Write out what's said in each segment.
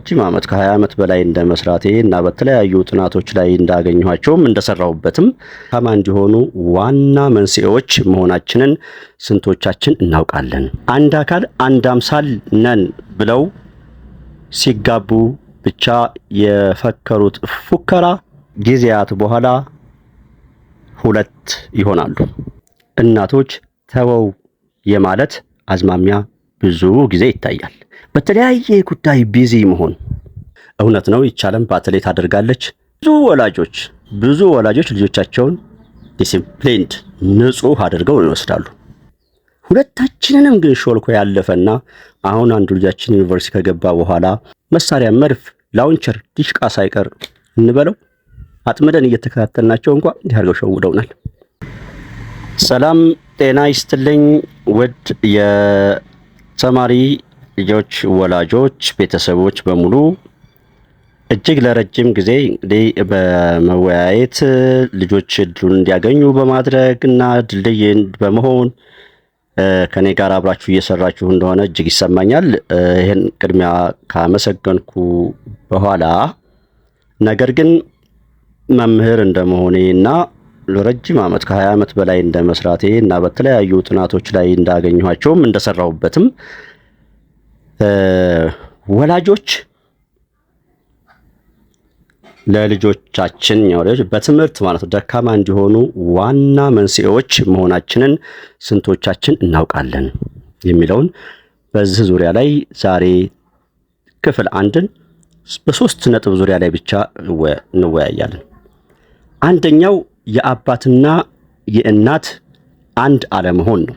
ረጅም ዓመት ከ20 ዓመት በላይ እንደመስራቴ እና በተለያዩ ጥናቶች ላይ እንዳገኘኋቸውም እንደሰራሁበትም ከማ እንዲሆኑ ዋና መንስኤዎች መሆናችንን ስንቶቻችን እናውቃለን? አንድ አካል አንድ አምሳል ነን ብለው ሲጋቡ ብቻ የፈከሩት ፉከራ ጊዜያት በኋላ ሁለት ይሆናሉ። እናቶች ተወው የማለት አዝማሚያ ብዙ ጊዜ ይታያል። በተለያየ ጉዳይ ቢዚ መሆን እውነት ነው። ይቻለም በአትሌት አድርጋለች። ብዙ ወላጆች ብዙ ወላጆች ልጆቻቸውን ዲሲፕሊንድ ንጹህ አድርገው ይወስዳሉ። ሁለታችንንም ግን ሾልኮ ያለፈና አሁን አንዱ ልጃችን ዩኒቨርሲቲ ከገባ በኋላ መሳሪያ፣ መድፍ፣ ላውንቸር፣ ዲሽቃ ሳይቀር እንበለው አጥምደን እየተከታተልናቸው እንኳ እንዲህ አድርገው ሸውደውናል። ሰላም ጤና ይስጥልኝ ውድ የተማሪ ልጆች ወላጆች፣ ቤተሰቦች በሙሉ እጅግ ለረጅም ጊዜ እንግዲህ በመወያየት ልጆች እድሉን እንዲያገኙ በማድረግ እና ድልድይ በመሆን ከኔ ጋር አብራችሁ እየሰራችሁ እንደሆነ እጅግ ይሰማኛል። ይህን ቅድሚያ ካመሰገንኩ በኋላ ነገር ግን መምህር እንደመሆኔ እና ረጅም ዓመት ከ20 ዓመት በላይ እንደመስራቴ እና በተለያዩ ጥናቶች ላይ እንዳገኘኋቸውም እንደሰራሁበትም ወላጆች ለልጆቻችን ወላጆች በትምህርት ማለት ነው ደካማ እንዲሆኑ ዋና መንስኤዎች መሆናችንን ስንቶቻችን እናውቃለን የሚለውን በዚህ ዙሪያ ላይ ዛሬ ክፍል አንድን በሶስት ነጥብ ዙሪያ ላይ ብቻ እንወያያለን። አንደኛው የአባትና የእናት አንድ አለመሆን ነው።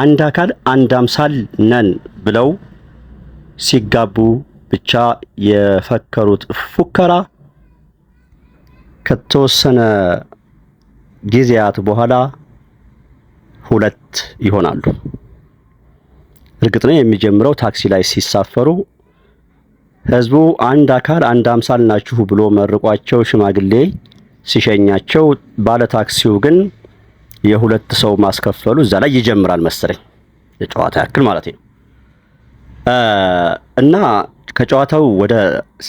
አንድ አካል አንድ አምሳል ነን ብለው ሲጋቡ ብቻ የፈከሩት ፉከራ ከተወሰነ ጊዜያት በኋላ ሁለት ይሆናሉ። እርግጥ ነው የሚጀምረው ታክሲ ላይ ሲሳፈሩ ህዝቡ አንድ አካል አንድ አምሳል ናችሁ ብሎ መርቋቸው ሽማግሌ ሲሸኛቸው ባለ ታክሲው ግን የሁለት ሰው ማስከፈሉ እዛ ላይ ይጀምራል መሰለኝ የጨዋታ ያክል ማለት ነው። እና ከጨዋታው ወደ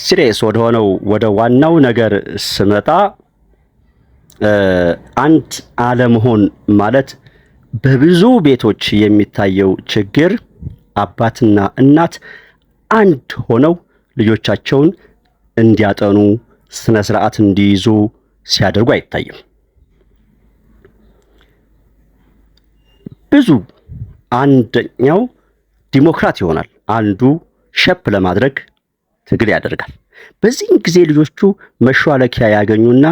ሲሪየስ ወደ ሆነው ወደ ዋናው ነገር ስመጣ አንድ አለመሆን ማለት በብዙ ቤቶች የሚታየው ችግር አባትና እናት አንድ ሆነው ልጆቻቸውን እንዲያጠኑ ስነ ስርዓት እንዲይዙ ሲያደርጉ አይታይም። ብዙ አንደኛው ዲሞክራት ይሆናል፣ አንዱ ሸፕ ለማድረግ ትግል ያደርጋል። በዚህም ጊዜ ልጆቹ መሿለኪያ ያገኙና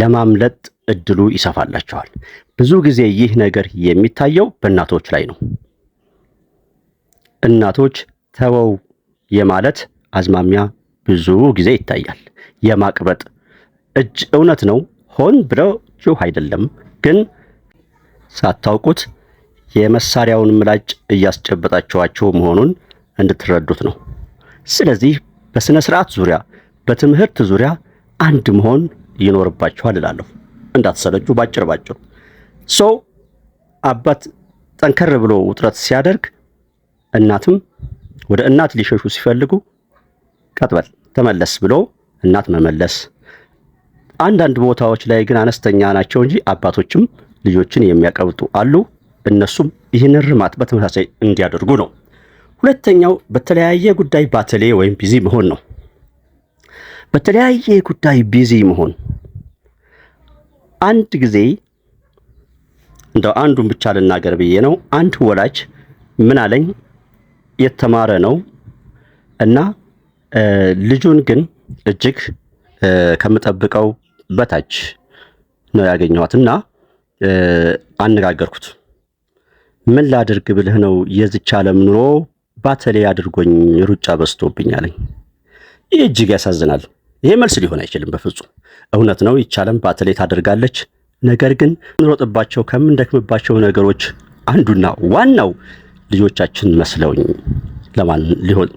ለማምለጥ እድሉ ይሰፋላቸዋል። ብዙ ጊዜ ይህ ነገር የሚታየው በእናቶች ላይ ነው። እናቶች ተወው የማለት አዝማሚያ ብዙ ጊዜ ይታያል። የማቅበጥ እጅ እውነት ነው፣ ሆን ብለው ጩህ አይደለም ግን ሳታውቁት የመሳሪያውን ምላጭ እያስጨበጣችኋቸው መሆኑን እንድትረዱት ነው። ስለዚህ በሥነ ሥርዓት ዙሪያ፣ በትምህርት ዙሪያ አንድ መሆን ይኖርባችኋል እላለሁ። እንዳትሰለቹ። ባጭር ባጭሩ ሰው አባት ጠንከር ብሎ ውጥረት ሲያደርግ እናትም ወደ እናት ሊሸሹ ሲፈልጉ ቀጥበል ተመለስ ብሎ እናት መመለስ። አንዳንድ ቦታዎች ላይ ግን አነስተኛ ናቸው እንጂ አባቶችም ልጆችን የሚያቀብጡ አሉ። እነሱም ይህንን ርማት በተመሳሳይ እንዲያደርጉ ነው። ሁለተኛው በተለያየ ጉዳይ ባተሌ ወይም ቢዚ መሆን ነው። በተለያየ ጉዳይ ቢዚ መሆን አንድ ጊዜ እንደው አንዱን ብቻ ልናገር ብዬ ነው። አንድ ወላጅ ምን አለኝ፣ የተማረ ነው እና ልጁን ግን እጅግ ከምጠብቀው በታች ነው ያገኘኋት እና አነጋገርኩት። ምን ላድርግ ብልህ ነው የዝች ዓለም ኑሮ ባተሌ አድርጎኝ ሩጫ በዝቶብኝ አለኝ። ይህ እጅግ ያሳዝናል። ይሄ መልስ ሊሆን አይችልም በፍጹም። እውነት ነው ይች ዓለም ባተሌ ታደርጋለች። ነገር ግን ምንሮጥባቸው ከምንደክምባቸው ነገሮች አንዱና ዋናው ልጆቻችን መስለውኝ ለማን ሊሆን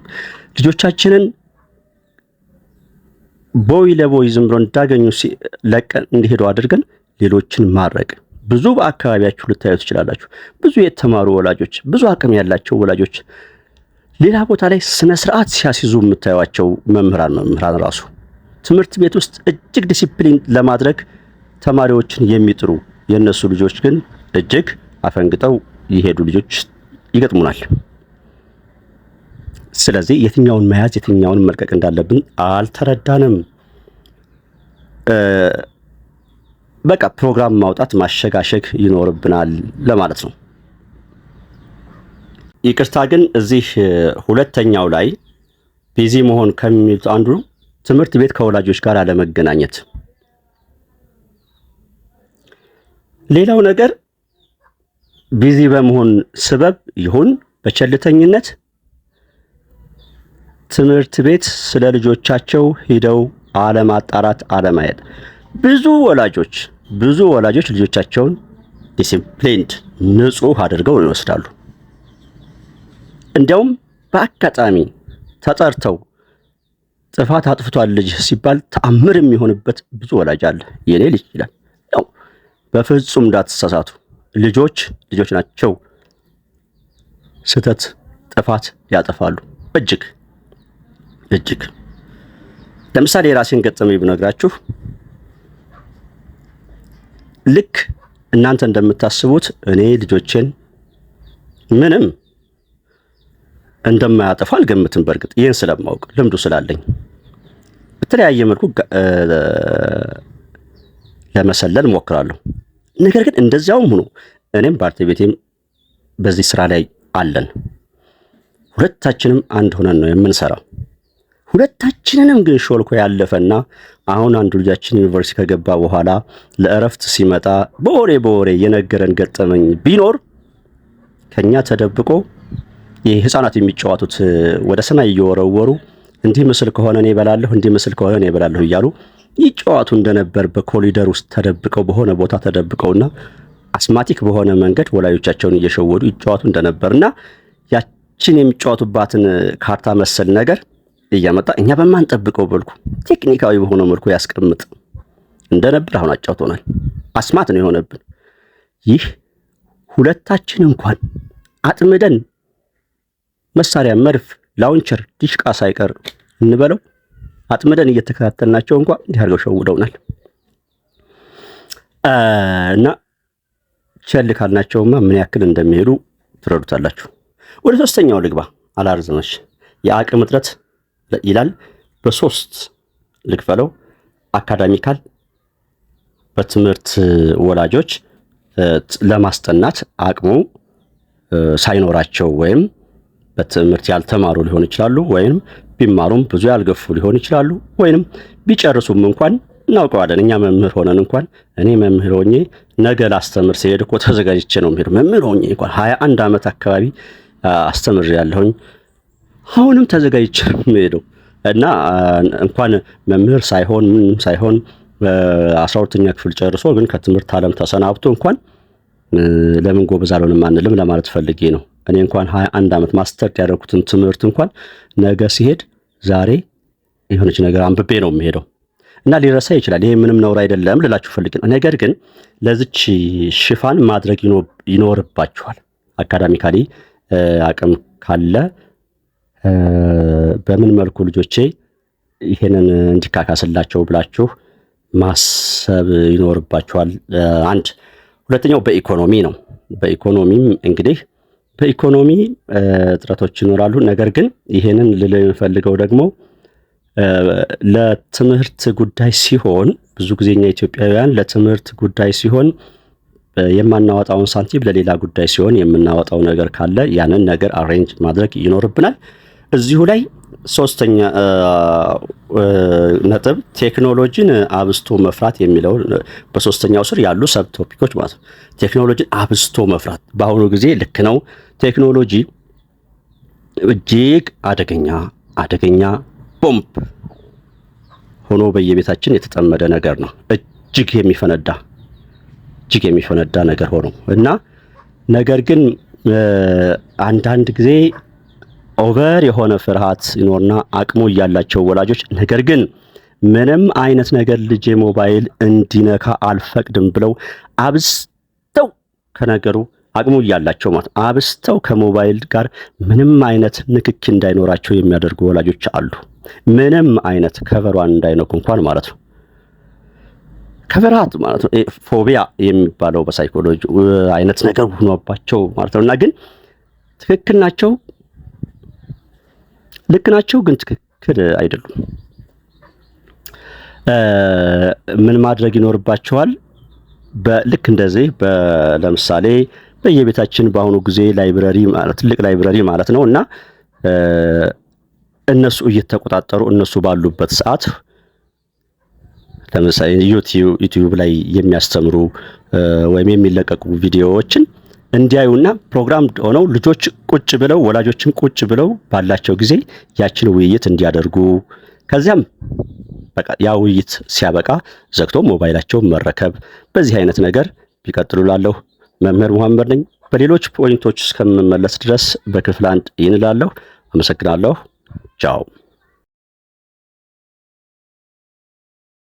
ልጆቻችንን ቦይ ለቦይ ዝም ብሎ እንዳገኙ ለቀን እንዲሄዱ አድርገን ሌሎችን ማድረግ ብዙ በአካባቢያችሁ ልታዩ ትችላላችሁ። ብዙ የተማሩ ወላጆች፣ ብዙ አቅም ያላቸው ወላጆች ሌላ ቦታ ላይ ስነ ስርዓት ሲያስይዙ የምታዩቸው መምህራን ነው። መምህራን ራሱ ትምህርት ቤት ውስጥ እጅግ ዲሲፕሊን ለማድረግ ተማሪዎችን የሚጥሩ የእነሱ ልጆች ግን እጅግ አፈንግጠው የሄዱ ልጆች ይገጥሙናል። ስለዚህ የትኛውን መያዝ የትኛውን መልቀቅ እንዳለብን አልተረዳንም። በቃ ፕሮግራም ማውጣት ማሸጋሸግ ይኖርብናል ለማለት ነው። ይቅርታ ግን እዚህ ሁለተኛው ላይ ቢዚ መሆን ከሚሉት አንዱ ትምህርት ቤት ከወላጆች ጋር አለመገናኘት። ሌላው ነገር ቢዚ በመሆን ስበብ ይሁን በቸልተኝነት ትምህርት ቤት ስለ ልጆቻቸው ሂደው አለማጣራት፣ አለማየት ብዙ ወላጆች ብዙ ወላጆች ልጆቻቸውን ዲሲፕሊንድ ንጹህ አድርገው ይወስዳሉ። እንዲያውም በአጋጣሚ ተጠርተው ጥፋት አጥፍቷል ልጅ ሲባል ተአምር የሚሆንበት ብዙ ወላጅ አለ። የኔ ልጅ ይላል። ያው በፍጹም እንዳትሳሳቱ ልጆች ልጆች ናቸው። ስህተት፣ ጥፋት ያጠፋሉ። እጅግ እጅግ ለምሳሌ የራሴን ገጠመኝ ብነግራችሁ ልክ እናንተ እንደምታስቡት እኔ ልጆችን ምንም እንደማያጠፉ አልገምትም። በእርግጥ ይህን ስለማወቅ ልምዱ ስላለኝ በተለያየ መልኩ ለመሰለል እሞክራለሁ። ነገር ግን እንደዚያውም ሆኖ እኔም ባለቤቴም በዚህ ስራ ላይ አለን። ሁለታችንም አንድ ሆነን ነው የምንሰራው። ሁለታችንንም ግን ሾልኮ ያለፈና አሁን አንዱ ልጃችን ዩኒቨርሲቲ ከገባ በኋላ ለእረፍት ሲመጣ በወሬ በወሬ የነገረን ገጠመኝ ቢኖር ከኛ ተደብቆ ይህ ህፃናት የሚጫወቱት ወደ ሰማይ እየወረወሩ እንዲህ ምስል ከሆነ እኔ እበላለሁ፣ እንዲህ ምስል ከሆነ እኔ እበላለሁ እያሉ ይጫወቱ እንደነበር በኮሪደር ውስጥ ተደብቀው በሆነ ቦታ ተደብቀውና አስማቲክ በሆነ መንገድ ወላጆቻቸውን እየሸወዱ ይጫወቱ እንደነበርና ያችን የሚጫወቱባትን ካርታ መሰል ነገር እያመጣ እኛ በማንጠብቀው መልኩ ቴክኒካዊ በሆነው መልኩ ያስቀምጥ እንደነበር አሁን አጫውቶናል። አስማት ነው የሆነብን። ይህ ሁለታችን እንኳን አጥምደን መሳሪያ፣ መድፍ፣ ላውንቸር፣ ዲሽቃ ሳይቀር እንበለው አጥምደን እየተከታተልናቸው እንኳን እንዲህ አድርገው ሸውደውናል እና ቸል ካልናቸውማ ምን ያክል እንደሚሄዱ ትረዱታላችሁ። ወደ ሶስተኛው ልግባ፣ አላርዘመች የአቅም እጥረት ይላል። በሶስት ልክፈለው። አካዳሚካል በትምህርት ወላጆች ለማስጠናት አቅሙ ሳይኖራቸው ወይም በትምህርት ያልተማሩ ሊሆን ይችላሉ። ወይም ቢማሩም ብዙ ያልገፉ ሊሆን ይችላሉ። ወይም ቢጨርሱም እንኳን እናውቀዋለን። እኛ መምህር ሆነን እንኳን እኔ መምህር ሆኜ ነገ ላስተምር ሲሄድ እኮ ተዘጋጅቼ ነው ምሄድ። መምህር ሆኜ እንኳን ሀያ አንድ ዓመት አካባቢ አስተምር ያለሁኝ አሁንም ተዘጋጅቼ የምሄደው እና እንኳን መምህር ሳይሆን ምንም ሳይሆን አስራ ሁለተኛ ክፍል ጨርሶ ግን ከትምህርት ዓለም ተሰናብቶ እንኳን ለምን ጎበዝ አልሆንም አንልም ለማለት ፈልጌ ነው። እኔ እንኳን ሀያ አንድ ዓመት ማስተር ያደረኩትን ትምህርት እንኳን ነገ ሲሄድ ዛሬ የሆነች ነገር አንብቤ ነው የሚሄደው እና ሊረሳ ይችላል። ይሄ ምንም ነውር አይደለም ልላችሁ ፈልጌ ነው። ነገር ግን ለዚች ሽፋን ማድረግ ይኖርባችኋል። አካዳሚካሊ አቅም ካለ በምን መልኩ ልጆቼ ይሄንን እንዲካካስላቸው ብላችሁ ማሰብ ይኖርባችኋል። አንድ ሁለተኛው በኢኮኖሚ ነው። በኢኮኖሚም እንግዲህ በኢኮኖሚ እጥረቶች ይኖራሉ። ነገር ግን ይሄንን ልለው የምፈልገው ደግሞ ለትምህርት ጉዳይ ሲሆን ብዙ ጊዜ እኛ ኢትዮጵያውያን ለትምህርት ጉዳይ ሲሆን የማናወጣውን ሳንቲም ለሌላ ጉዳይ ሲሆን የምናወጣው ነገር ካለ ያንን ነገር አሬንጅ ማድረግ ይኖርብናል። እዚሁ ላይ ሶስተኛ ነጥብ ቴክኖሎጂን አብስቶ መፍራት የሚለውን በሶስተኛው ስር ያሉ ሰብ ቶፒኮች ማለት ነው። ቴክኖሎጂን አብስቶ መፍራት በአሁኑ ጊዜ ልክ ነው። ቴክኖሎጂ እጅግ አደገኛ አደገኛ ቦምብ ሆኖ በየቤታችን የተጠመደ ነገር ነው። እጅግ የሚፈነዳ እጅግ የሚፈነዳ ነገር ሆኖ እና ነገር ግን አንዳንድ ጊዜ ኦቨር የሆነ ፍርሃት ሲኖርና አቅሙ እያላቸው ወላጆች ነገር ግን ምንም አይነት ነገር ልጄ ሞባይል እንዲነካ አልፈቅድም ብለው አብስተው ከነገሩ አቅሙ እያላቸው ማለት አብስተው ከሞባይል ጋር ምንም አይነት ንክኪ እንዳይኖራቸው የሚያደርጉ ወላጆች አሉ። ምንም አይነት ከቨሯን እንዳይነኩ እንኳን ማለት ነው። ከፍርሃት ማለት ነው ፎቢያ የሚባለው በሳይኮሎጂ አይነት ነገር ሆኖባቸው ማለት ነው። እና ግን ትክክል ናቸው ልክ ናቸው፣ ግን ትክክል አይደሉም። ምን ማድረግ ይኖርባቸዋል? ልክ እንደዚህ ለምሳሌ በየቤታችን በአሁኑ ጊዜ ላይብረሪ ማለት ትልቅ ላይብረሪ ማለት ነው እና እነሱ እየተቆጣጠሩ እነሱ ባሉበት ሰዓት ለምሳሌ ዩቲዩብ ላይ የሚያስተምሩ ወይም የሚለቀቁ ቪዲዮዎችን እንዲያዩና ፕሮግራም ሆነው ልጆች ቁጭ ብለው ወላጆችን ቁጭ ብለው ባላቸው ጊዜ ያችን ውይይት እንዲያደርጉ ከዚያም በቃ ያ ውይይት ሲያበቃ ዘግቶ ሞባይላቸው መረከብ። በዚህ አይነት ነገር ቢቀጥሉ ላለሁ መምህር መሐመድ ነኝ። በሌሎች ፖይንቶች እስከምመለስ ድረስ በክፍል አንድ ይንላለሁ። አመሰግናለሁ። ቻው